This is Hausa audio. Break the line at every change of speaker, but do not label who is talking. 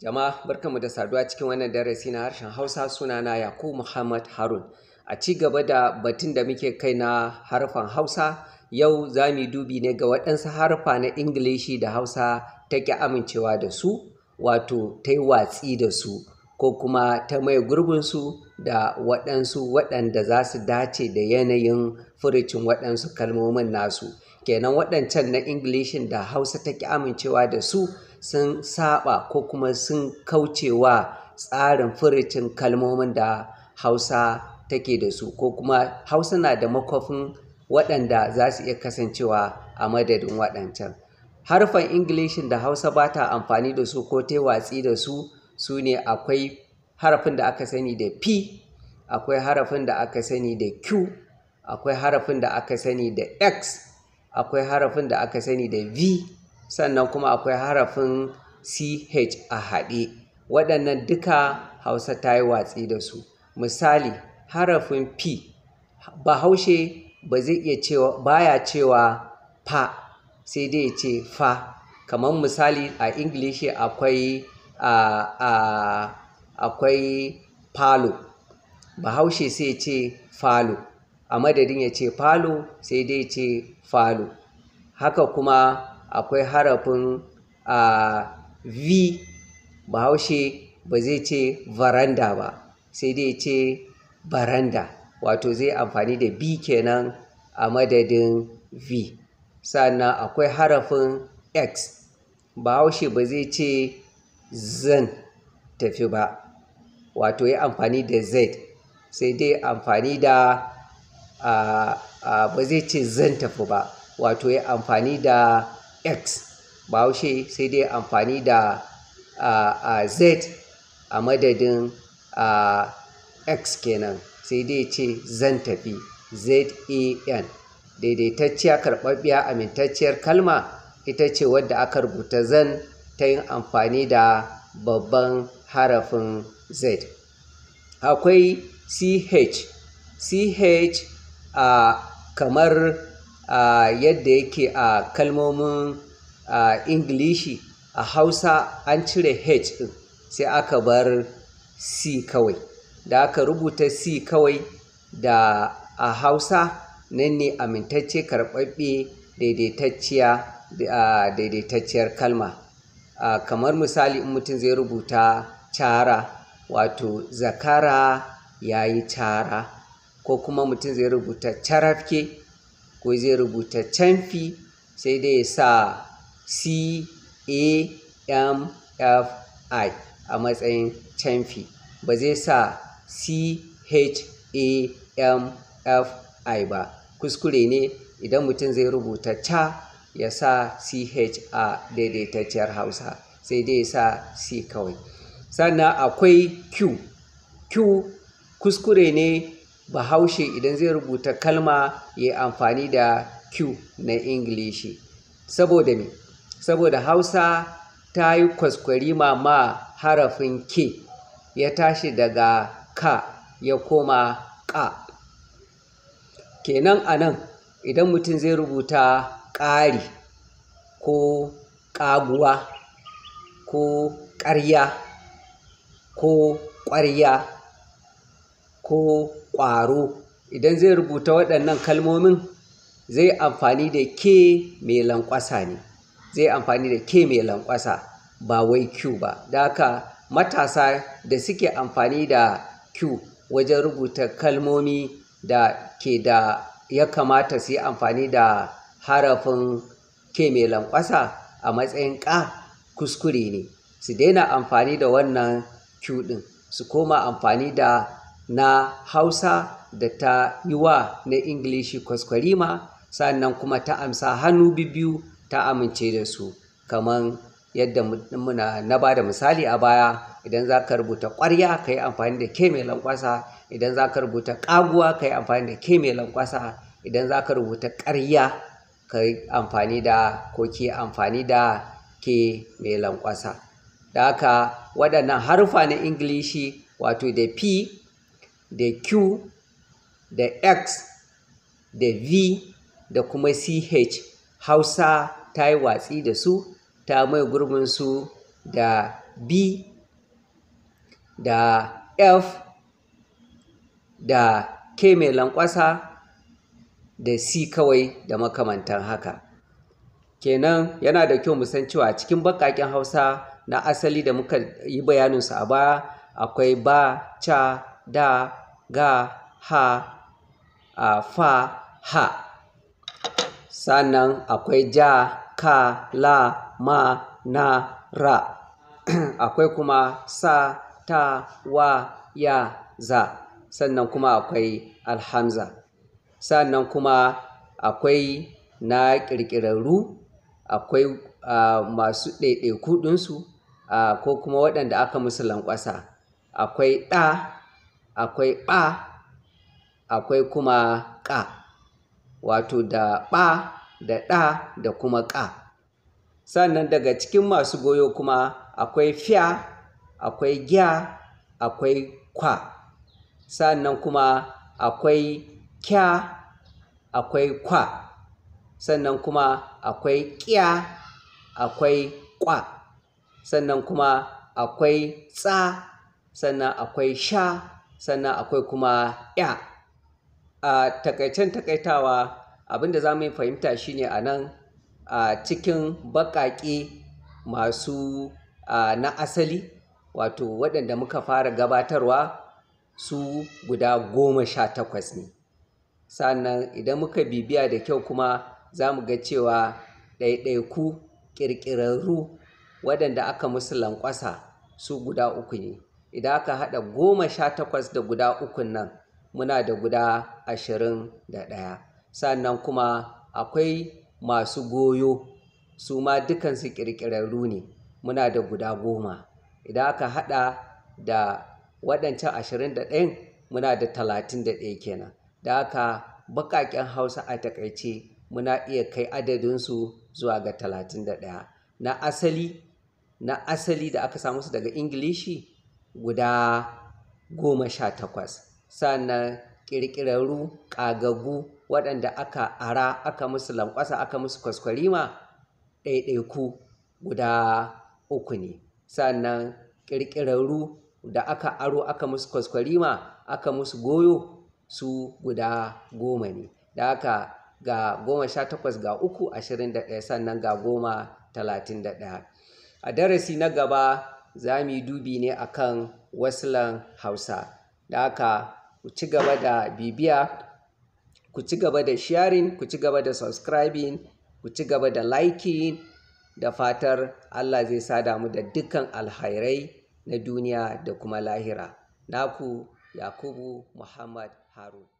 Jama'a barka mu da saduwa cikin wannan darasi na harshen Hausa sunana Yakubu Muhammad Harun. A ci gaba da batun da muke kai na harfan Hausa, yau za mu dubi ne ga waɗansu harfa na Ingilishi da Hausa ta ƙi amincewa da su, wato ta yi watsi da su, ko kuma ta mai gurbinsu da waɗansu waɗanda za su dace da yanayin furicin waɗansu kalmomin nasu. Kenan waɗancan na Ingilishin da Hausa ta ƙi amincewa da su sun saɓa ko kuma sun kaucewa tsarin furicin kalmomin da hausa take da su ko kuma hausa na da makwafin waɗanda za su iya kasancewa a madadin waɗancan harfan ingilishin da hausa ba ta amfani da su ko ta watsi da su su ne akwai harafin da aka sani da p akwai harafin da aka sani da q akwai harafin da aka sani da x akwai harafin da aka sani da v sannan kuma akwai harafin ch a haɗe waɗannan duka hausa ta yi watsi da su misali harafin p bahaushe ba zai iya cewa baya cewa fa sai dai ya ce fa kamar misali a ingilishi akwai a akwai falo bahaushe sai ya ce falo a madadin ya ce falo sai dai ya ce falo haka kuma akwai harafin a v bahaushe ba zai ce varanda ba sai dai ce baranda wato zai amfani da b kenan a madadin v sannan akwai harafin x bahaushe ba zai ce zan tafi ba wato ya amfani da z sai dai amfani da ba zai ce zan tafi ba wato ya amfani da x bahaushe sai dai amfani da z a madadin a x kenan sai dai ce zan tafi zan daidaitacciya karɓaɓɓiya amintacciyar kalma ita ce wadda aka rubuta zan ta yin amfani da babban harafin z akwai ch ch a kamar yadda yake a kalmomin ingilishi a hausa an cire h ɗin sai aka bar c kawai da aka rubuta c kawai da a hausa nan ne amintacce karɓaɓɓe daidaitacciyar kalma kamar misali in mutum zai rubuta cara wato zakara ya yi cara ko kuma mutum zai rubuta carafke ko zai rubuta camfi sai dai ya sa C A M F I a matsayin camfi ba zai sa C H A M F I ba kuskure ne idan mutum zai rubuta ca ya sa CH a daidaitacciyar Hausa sai dai ya sa C kawai sannan akwai Q Q kuskure ne bahaushe idan zai rubuta kalma ya amfani da q na ingilishi saboda me saboda hausa ta yi kwaskwarima ma harafin k ya tashi daga ka ya koma ka kenan anan idan mutum zai rubuta ƙari ko ƙaguwa ko ƙarya ko ƙwarya ko ƙwaro idan zai rubuta waɗannan kalmomin zai amfani da ke mai lankwasa ne zai amfani da ke mai lankwasa ba wai q ba da haka matasa da suke amfani da q wajen rubuta kalmomi da ke da ya kamata su yi amfani da harafin ke mai lankwasa a matsayin ƙa kuskure ne su daina amfani da wannan q ɗin su koma amfani da na hausa da ta yi wa na ingilishi kwaskwarima sannan kuma ta amsa hannu biyu ta amince da su kamar yadda muna na ba da misali a baya idan za ka rubuta ƙwarya ka yi amfani da ke mai lankwasa idan za ka rubuta ƙaguwa ka yi amfani da ke mai lankwasa idan za ka rubuta ƙarya ka yi amfani da ko ke amfani da ke mai lankwasa da haka waɗannan harufa na ingilishi wato da p da q da x da v da kuma ch hausa ta yi watsi da su ta mai gurbin su da b da f da k mai lankwasa da c kawai da makamantan haka kenan yana da kyau mu san cewa cikin baƙaƙen hausa na asali da muka yi bayaninsu a baya akwai ba ca da ga ha a fa ha sannan akwai ja ka la ma na ra akwai kuma sa ta wa ya za sannan kuma akwai alhamza sannan kuma akwai na ƙirƙirarru akwai masu ɗaiɗaiku ɗinsu ko kuma waɗanda aka musu lanƙwasa akwai ɗa akwai ɓa akwai kuma ƙa wato da ɓa da ɗa da kuma ƙa sannan daga cikin masu goyo kuma akwai fiya akwai gya akwai kwa sannan kuma akwai kya akwai kwa sannan kuma akwai ƙiya akwai kwa sannan kuma akwai tsa sannan akwai sha sannan akwai kuma ya a takaicen takaitawa abinda za mu yi fahimta shine a nan a cikin baƙaƙe masu na asali wato waɗanda muka fara gabatarwa su guda goma sha takwas ne sannan idan muka bibiya da kyau kuma za mu ga cewa ɗaiɗaiku ƙirƙirarru waɗanda aka musu lankwasa su guda uku ne idan aka haɗa goma sha takwas da guda ukun nan muna da guda ashirin da ɗaya sannan kuma akwai masu goyo su ma dukansu ƙirƙirarru ne muna da guda goma idan aka haɗa da waɗancan ashirin da ɗayan muna da talatin da ɗaya kenan da haka baƙaƙen hausa a taƙaice muna iya kai adadinsu zuwa ga talatin da ɗaya asali na asali da aka samu su daga ingilishi guda goma sha takwas sannan ƙirƙirarru ƙagaggu waɗanda aka ara aka musu lankwasa aka musu kwaskwarima ɗaiɗaiku guda uku ne sannan ƙirƙirarru da aka aro aka musu kwaskwarima aka musu goyo su guda goma ne da aka ga goma sha takwas ga uku ashirin da ɗaya sannan ga goma talatin da ɗaya a darasi na gaba za mu yi dubi ne a kan waslan Hausa. Da haka ku ci gaba da bibiya, ku ci gaba da sharing, ku ci gaba da subscribing, ku ci gaba da liking, da fatar Allah zai sada mu da dukkan alhairai na duniya da kuma lahira. Naku Yakubu Muhammad Harun.